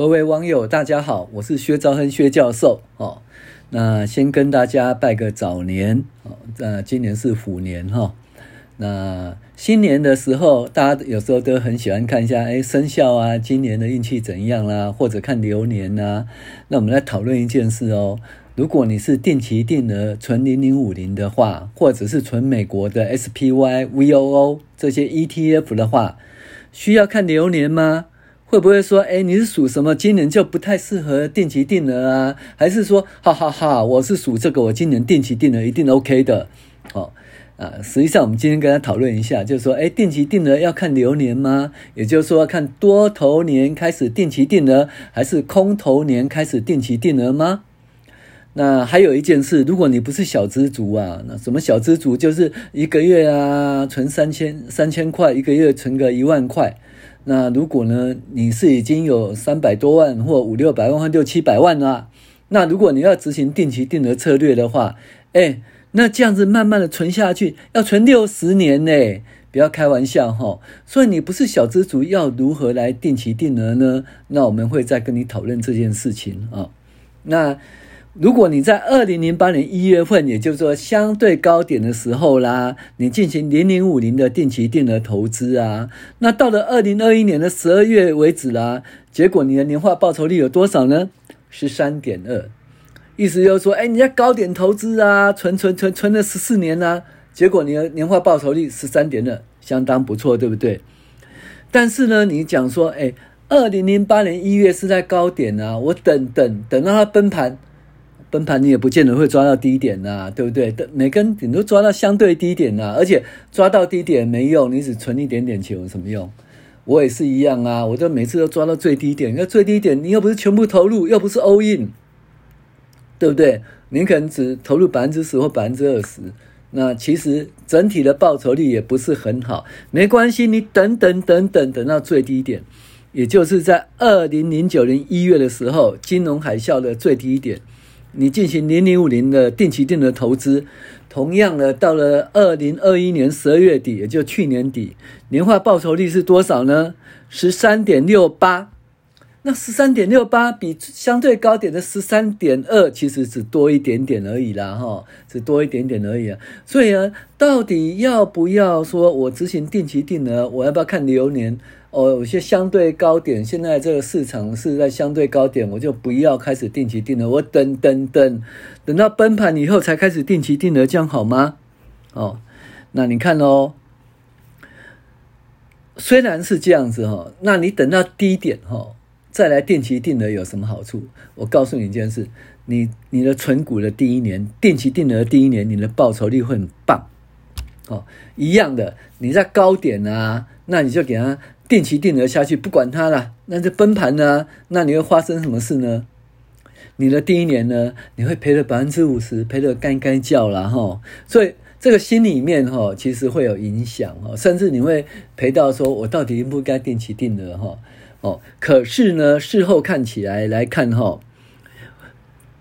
各位網友，大家好，我是薛兆亨薛教授。哦，那先跟大家拜個早年。哦，那今年是虎年。哈、哦，那新年的時候，大家有時候都很喜歡看一下，哎，生肖啊，今年的運氣怎樣啦，或者看流年吶、啊。那我們來討論一件事哦。如果你是定期定額存零零五零的話，或者是存美國的 SPY、VOO 這些 ETF 的話，需要看流年嗎？會不會說，哎，你是屬什麼？今年就不太適合定期定額？啊？還是說，哈哈哈，我是屬這個，我今年定期定額一定 OK 的。哦，啊，實際上我們今天跟大家討論一下，就是說，哎，定期定額要看流年嗎？也就是說，看多頭年開始定期定額，還是空頭年開始定期定額嗎？那還有一件事，如果你不是小資族啊，那什麼小資族就是一個月啊存三千三千塊，一個月存個一萬塊。那如果呢？你是已經有三百多萬或五六百萬或六七百萬啦。那如果你要執行定期定額策略的話，哎，那這樣子慢慢的存下去，要存六十年呢？不要開玩笑哈、哦！所以你不是小資族要如何來定期定額呢？那我們會再跟你討論這件事情啊、哦。那。如果你在二零零八年一月份，也就是說相對高點的時候啦，你進行零零五零的定期定額投資啊，那到了二零二一年的十二月為止啦，結果你的年化報酬率有多少呢？十三點二，意思就是說，哎，你在高點投資啊，存存存存了十四年啦、啊，結果你的年化報酬率十三點二，相當不錯，對不對？但是呢，你講說，哎，二零零八年一月是在高點啊，我等等等到它崩盤。崩盤，奔盤你也不見得會抓到低點吶、啊，對不對？每根你都抓到相對低點吶、啊，而且抓到低點沒用，你只存一點點錢有什麼用？我也是一樣啊，我都每次都抓到最低點，那最低點你又不是全部投入，又不是 all in，對不對？你可能只投入百分之十或百分之二十，那其實整體的報酬率也不是很好。沒關係，你等等等等等到最低點，也就是在二零零九年一月的時候，金融海嘯的最低點。你進行零零五零的定期定額投資，同樣的，到了二零二一年十二月底，也就去年底，年化報酬率是多少呢？十三點六八。那十三點六八比相對高點的十三點二，其實只多一點點而已啦，齁，只多一點點而已啊。所以啊，到底要不要說我執行定期定額，我要不要看流年？哦，有些相對高點，現在這個市場是在相對高點，我就不要開始定期定額，我等等等，等到崩盤以後才開始定期定額，這樣好嗎？哦，那你看哦，雖然是這樣子齁，那你等到低點齁。再來定期定額有什麼好處？我告訴你一件事：你你的存股的第一年，定期定額的第一年，你的報酬率會很棒。哦，一樣的，你在高點啊，那你就給它定期定額下去，不管它啦。那這崩盤呢，啊？那你會發生什麼事呢？你的第一年呢，你會賠了百分之五十，賠了幹干叫了哈。所以這個心裡面其實會有影響，甚至你會賠到說，我到底應不該定期定額？哦，可是呢，事後看起來來看哈、哦，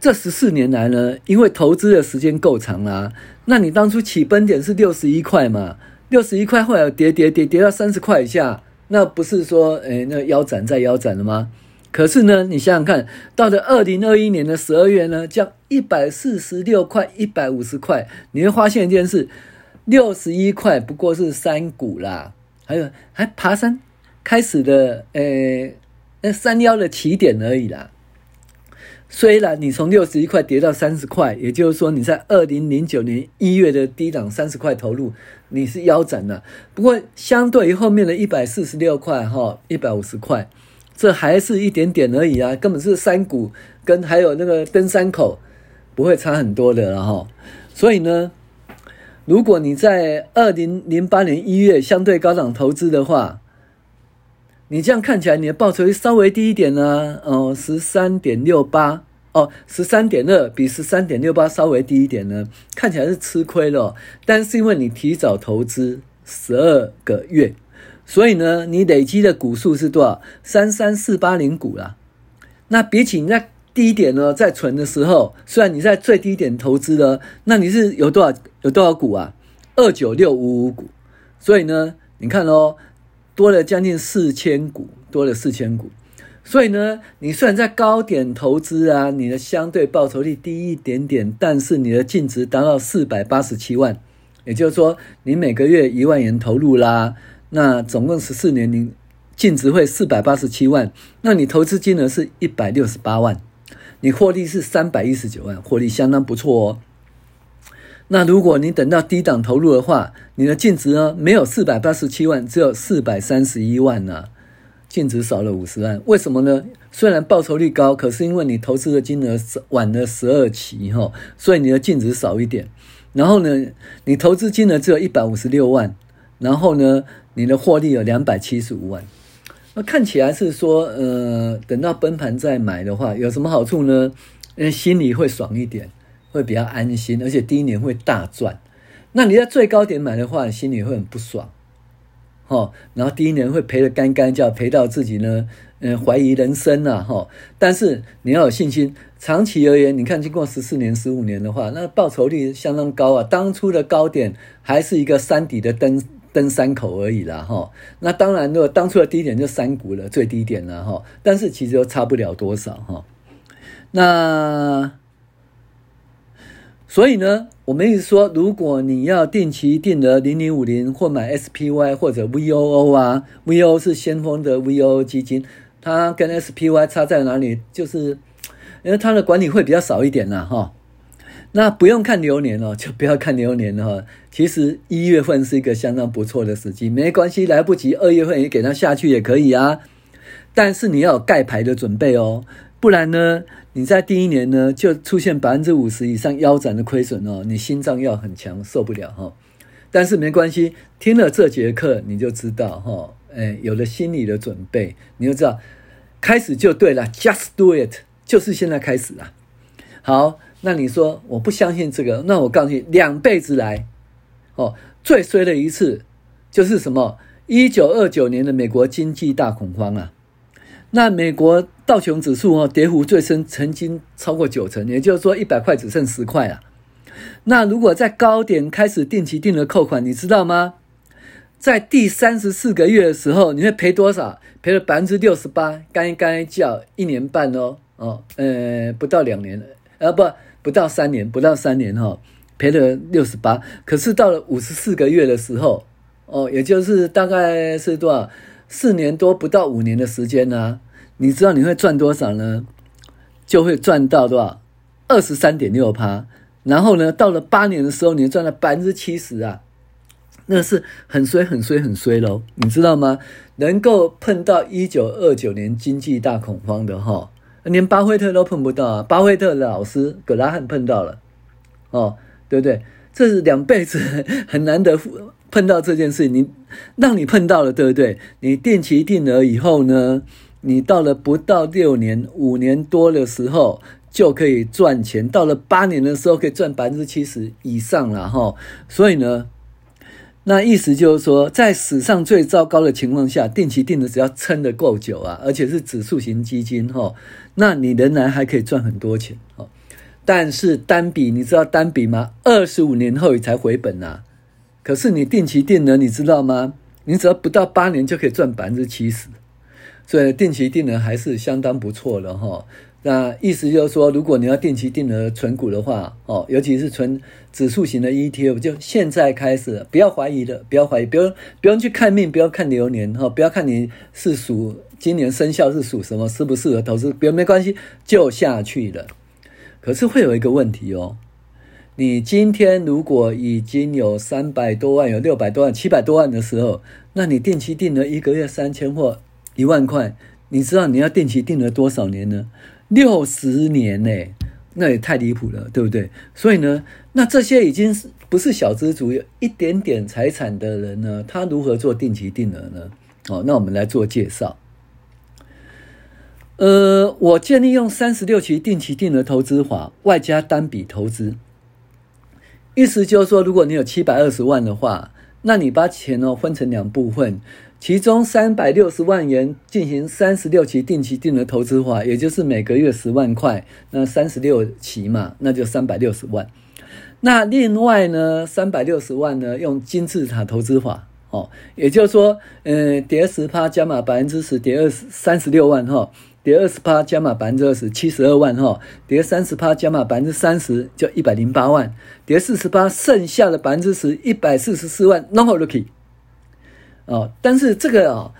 這十四年來呢，因為投資的時間夠長啦、啊，那你當初起崩點是六十一塊嘛，六十一塊後來跌跌跌跌到三十塊以下，那不是說哎那腰斬再腰斬了嗎？可是呢，你想想看，到了二零二一年的十二月呢，漲一百四十六塊、一百五十塊，你會發現一件事，六十一塊不過是山谷啦，還有還爬山。開始的，呃、欸，那山腰的起點而已啦。雖然你從六十一塊跌到三十塊，也就是說你在二零零九年一月的低檔三十塊投入，你是腰斬了。不過，相對於後面的一百四十六塊哈，一百五十塊，這還是一點點而已啊，根本是山谷跟還有那個登山口不會差很多的哈。所以呢，如果你在二零零八年一月相對高檔投資的話，你這樣看起來，你的報酬稍微低一點呢、啊，哦，十三點六八哦，十三點二比十三點六八稍微低一點呢，看起來是吃虧了、哦，但是因為你提早投資十二個月，所以呢，你累積的股數是多少？三三四八零股啦、啊。那比起你在低點呢，在存的時候，雖然你在最低點投資了，那你是有多少有多少股啊？二九六五五股。所以呢，你看哦。多了將近四千股，多了四千股，所以呢，你雖然在高點投資啊，你的相對報酬率低一點點，但是你的淨值達到四百八十七萬，也就是說，你每個月一萬元投入啦，那總共十四年，你淨值會四百八十七萬，那你投資金額是一百六十八萬，你獲利是三百一十九萬，獲利相當不錯哦。那如果你等到低檔投入的話，你的淨值呢，沒有四百八十七萬，只有四百三十一萬啊，淨值少了五十萬。為什麼呢？雖然報酬率高，可是因為你投資的金額晚了十二期以後，所以你的淨值少一點。然後呢，你投資金額只有一百五十六萬，然後呢，你的獲利有兩百七十五萬。那看起來是說，呃，等到崩盤再買的話，有什麼好處呢？嗯，心裡會爽一點。會比較安心，而且第一年會大賺。那你在最高點買的話，你心裡會很不爽，哦。然後第一年會賠的乾乾淨淨，賠到自己呢，嗯、呃，懷疑人生了、啊，哈、哦。但是你要有信心，長期而言，你看經過十四年、十五年的話，那報酬率相當高啊。當初的高點還是一個山底的登登山口而已啦。哈、哦。那當然，如果當初的低點就山谷了，最低點了，哈、哦。但是其實又差不了多少，哈、哦。那。所以呢，我們一直說，如果你要定期定額零零五零，或買 SPY 或者 VOO 啊，VOO 是先鋒的 VOO 基金，它跟 SPY 差在哪裡？就是因為它的管理費比較少一點啦、啊。哈、哦。那不用看流年了、哦，就不要看流年了、哦，其實一月份是一個相當不錯的時機，沒關係，來不及，二月份也給它下去也可以啊。但是你要有蓋牌的準備哦，不然呢？你在第一年呢，就出現百分之五十以上腰斬的虧損哦，你心臟要很強，受不了哦，但是沒關係，聽了這節課你就知道哦。哎，有了心理的準備，你就知道開始就對了，just do it，就是現在開始啦。好，那你說我不相信這個，那我告訴你，兩輩子來哦，最衰的一次就是什麼？一九二九年的美國經濟大恐慌啊。那美國道瓊指數啊、哦，跌幅最深曾經超過九成，也就是說一百塊只剩十塊啊。那如果在高點開始定期定額扣款，你知道嗎？在第三十四個月的時候，你會賠多少？賠了百分之六十八，該該叫一年半哦哦，呃、欸，不到兩年了啊，不，不到三年，不到三年哈、哦，賠了六十八。可是到了五十四個月的時候，哦，也就是大概是多少？四年多，不到五年的時間呢、啊？你知道你會賺多少呢？就會賺到多少？二十三點六趴。然後呢，到了八年的時候，你賺了百分之七十啊，那是很衰、很衰、很衰咯。你知道嗎？能夠碰到一九二九年經濟大恐慌的哈、哦，連巴菲特都碰不到啊。巴菲特的老師葛拉漢碰到了，哦，對不對？這是兩輩子很難得碰到這件事。你讓你碰到了，對不對？你定期定額以後呢？你到了不到六年、五年多的時候就可以賺錢，到了八年的時候可以賺百分之七十以上了吼。所以呢，那意思就是說，在史上最糟糕的情況下，定期定額只要撐得夠久啊，而且是指數型基金吼，那你仍然還可以賺很多錢吼。但是單筆你知道單筆嗎？二十五年後你才回本啊。可是你定期定額，你知道嗎？你只要不到八年就可以賺百分之七十。所以定期定額還是相當不錯的哈。那意思就是說，如果你要定期定額存股的話，哦，尤其是存指數型的 ETF，就現在開始，不要懷疑的，不要懷疑，不用不用去看命，不要看流年哈，不要看你是屬今年生肖是屬什麼，適不適合投資，別，沒關係就下去了。可是會有一個問題哦，你今天如果已經有三百多萬、有六百多萬、七百多萬的時候，那你定期定額一個月三千或一萬塊，你知道你要定期定額多少年呢？六十年呢、欸，那也太離譜了，對不對？所以呢，那這些已經不是小資族，有一點點財產的人呢？他如何做定期定額呢？哦，那我們來做介紹。呃，我建議用三十六期定期定額投資法外加單筆投資，意思就是說，如果你有七百二十萬的話，那你把錢哦分成兩部分。其中三百六十萬元進行三十六期定期定額投資法，也就是每個月十萬塊，那三十六期嘛，那就三百六十萬。那另外呢，三百六十萬呢用金字塔投資法，哦，也就是說，嗯、呃，跌十趴加碼百分之十，跌二十三十六萬哈、哦，跌二十趴加碼百分之二十七十二萬哈、哦，跌三十趴加碼百分之三十就一百零八萬，跌四十趴剩下的百分之十一百四十四萬，no r o o 哦，但是這個哦，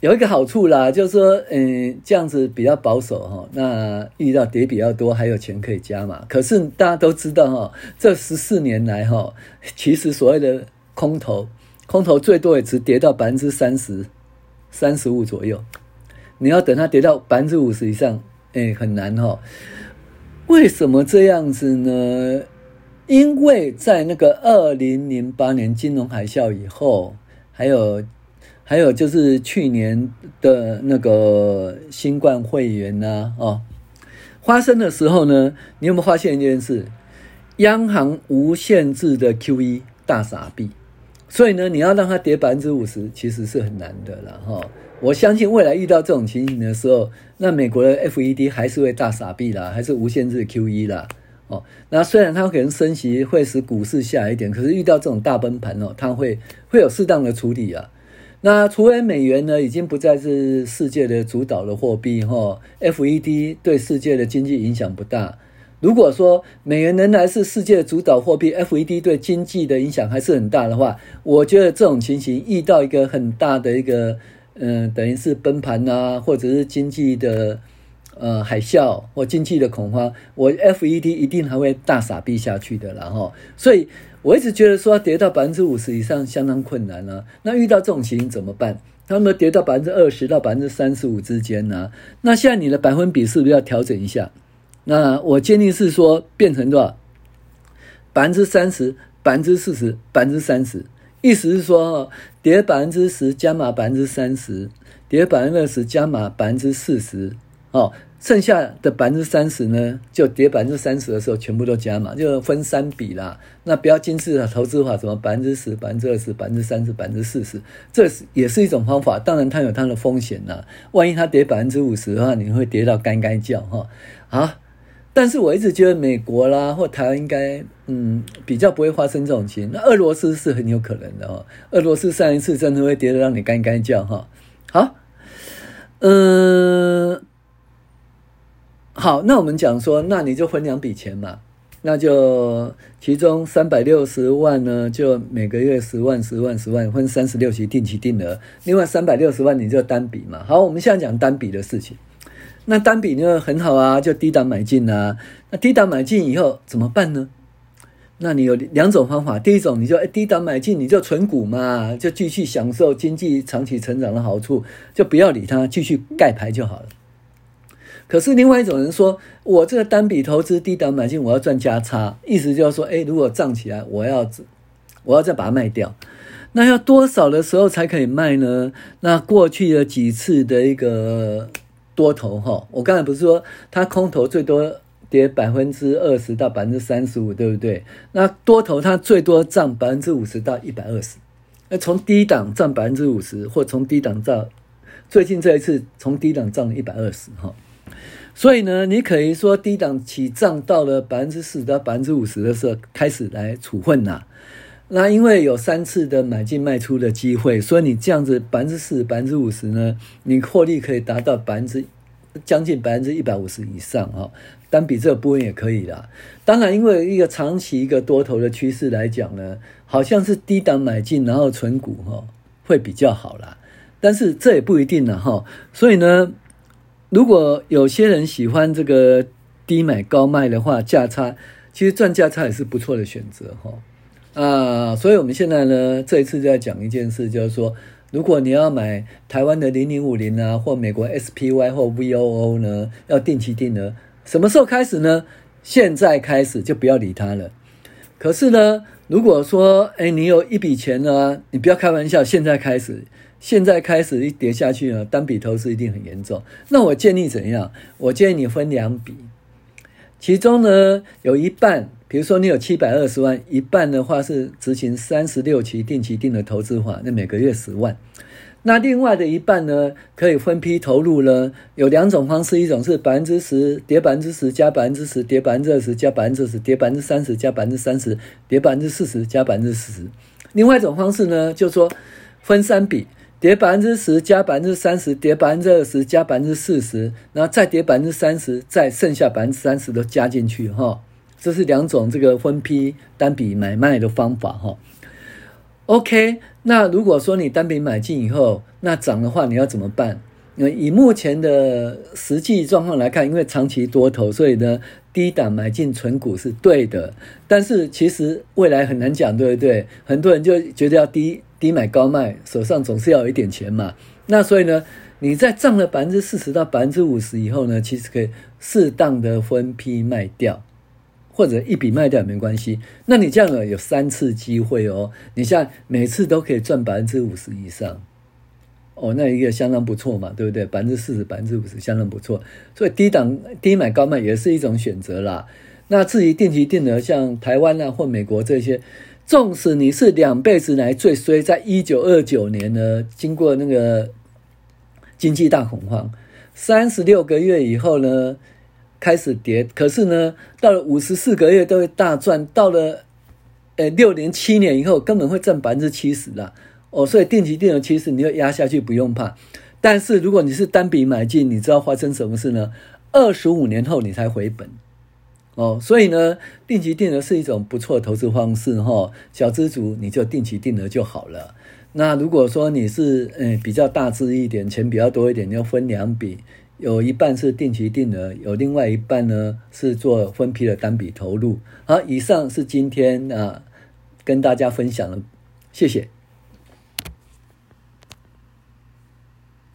有一個好處啦，就是說，嗯，這樣子比較保守哈、哦。那遇到跌比較多，還有錢可以加嘛。可是大家都知道哈、哦，這十四年來哈、哦，其實所謂的空頭，空頭最多也只跌到百分之三十、三十五左右。你要等它跌到百分之五十以上，哎，很難哈、哦。為什麼這樣子呢？因為在那個二零零八年金融海嘯以後。還有，還有就是去年的那個新冠肺炎吶、啊，哦，發生的時候呢，你有沒有發現一件事？央行無限制的 QE 大撒幣，所以呢，你要讓它跌百分之五十，其實是很難的了哈、哦。我相信未來遇到這種情形的時候，那美國的 FED 還是會大撒幣啦，還是無限制 QE 啦。哦，那雖然它可能升息會使股市下一點，可是遇到這種大崩盤哦，它會會有適當的處理啊。那除非美元呢已經不再是世界的主導的貨幣哈，FED 對世界的經濟影響不大。如果說美元仍然是世界的主導貨幣，FED 對經濟的影響還是很大的話，我覺得這種情形遇到一個很大的一個，嗯、呃，等於是崩盤啊，或者是經濟的。.呃，海嘯或經濟的恐慌，我 FED 一定還會大撒幣下去的啦，然後，所以我一直覺得說跌到百分之五十以上相當困難了、啊。那遇到這種情形怎麼辦？那麼跌到百分之二十到百分之三十五之間呢、啊？那現在你的百分比是不是要調整一下？那我建議是說變成多少？百分之三十，百分之四十，百分之三十，意思是說跌百分之十加碼百分之三十，跌百分之二十加碼百分之四十，哦。剩下的百分之三十呢，就跌百分之三十的時候，全部都加碼，就分三筆啦。那不要精緻的投資法，什麼百分之十、百分之二十、百分之三十、百分之四十，這也是也是一種方法。當然，它有它的風險啦，萬一它跌百分之五十的話，你會跌到幹幹叫哈啊！但是我一直覺得美國啦或台灣應該嗯比較不會發生這種情形。那俄羅斯是很有可能的哦。俄羅斯上一次真的會跌得讓你幹幹叫哈。好，嗯。好，那我們講說，那你就分兩筆錢嘛，那就其中三百六十萬呢，就每個月十萬、十萬、十萬，分三十六期定期定額；另外三百六十萬你就單筆嘛。好，我們現在講單筆的事情。那單筆就很好啊，就低檔買進啊。那低檔買進以後怎麼辦呢？那你有兩種方法，第一種你就，誒，低檔買進，你就存股嘛，就繼續享受經濟長期成長的好處，就不要理它，繼續蓋牌就好了。可是另外一種人說，我這個單筆投資低檔買進，我要賺價差，意思就是說，誒、欸、如果漲起來，我要，我要再把它賣掉，那要多少的時候才可以賣呢？那過去的幾次的一個多頭哈，我剛才不是說它空頭最多跌百分之二十到百分之三十五，對不對？那多頭它最多漲百分之五十到一百二十，那從低檔漲百分之五十，或從低檔漲，最近這一次從低檔漲了一百二十哈。所以呢，你可以說低檔起漲到了百分之四到百分之五十的時候，開始來處分啦。那因為有三次的買進賣出的機會，所以你這樣子百分之四、百分之五十呢，你獲利可以達到百分之將近百分之一百五十以上啊、哦。單筆這個波也可以啦。當然，因為一個長期一個多頭的趨勢來講呢，好像是低檔買進然後存股哈、哦，會比較好啦。但是這也不一定呢哈、哦。所以呢。如果有些人喜歡這個低買高賣的話，價差其實賺價差也是不錯的選擇哈。啊，所以我們現在呢，這一次就要講一件事，就是說，如果你要買台灣的零零五零啊，或美國 SPY 或 VOO 呢，要定期定額，什麼時候開始呢？現在開始就不要理他了。可是呢，如果說誒、欸、你有一筆錢呢、啊，你不要開玩笑，現在開始。現在開始一跌下去呢，單筆投資一定很嚴重。那我建議怎樣？我建議你分兩筆，其中呢有一半，比如說你有七百二十萬，一半的話是執行三十六期定期定額投資法，那每個月十萬。那另外的一半呢，可以分批投入呢。有兩種方式，一種是百分之十跌百分之十加百分之十，跌百分之二十加百分之二十，跌百分之三十加百分之三十，跌百分之四十加百分之四十。另外一種方式呢，就說分三筆。跌百分之十加百分之三十，跌百分之二十加百分之四十，然後再跌百分之三十，再剩下百分之三十都加進去哈。這是兩種這個分批單筆買賣的方法哈。OK，那如果說你單筆買進以後，那漲的話你要怎麼辦？以目前的實際狀況來看，因為長期多頭，所以呢，低檔買進存股是對的。但是其實未來很難講，對不對？很多人就覺得要低低買高賣，手上總是要有一點錢嘛。那所以呢，你在漲了百分之四十到百分之五十以後呢，其實可以適當的分批賣掉，或者一筆賣掉也沒關係。那你這樣呢，有三次機會哦，你像每次都可以賺百分之五十以上。哦，那一個相當不錯嘛，對不對？百分之四十、百分之五十，相當不錯。所以低檔低買高賣也是一種選擇啦。那至於定期定額，像台灣啊或美國這些，縱使你是兩輩子來最衰，在一九二九年呢，經過那個經濟大恐慌，三十六個月以後呢開始跌，可是呢到了五十四個月都會大賺，到了呃六年七年以後，根本會占百分之七十了啦。哦，所以定期定額其實你要壓下去不用怕，但是如果你是單筆買進，你知道發生什麼事呢？二十五年後你才回本。哦，所以呢，定期定額是一種不錯的投資方式哈、哦。小資族你就定期定額就好了。那如果說你是嗯、哎、比較大資一點，錢比較多一點，你就分兩筆，有一半是定期定額，有另外一半呢是做分批的單筆投入。好，以上是今天啊跟大家分享的，謝謝。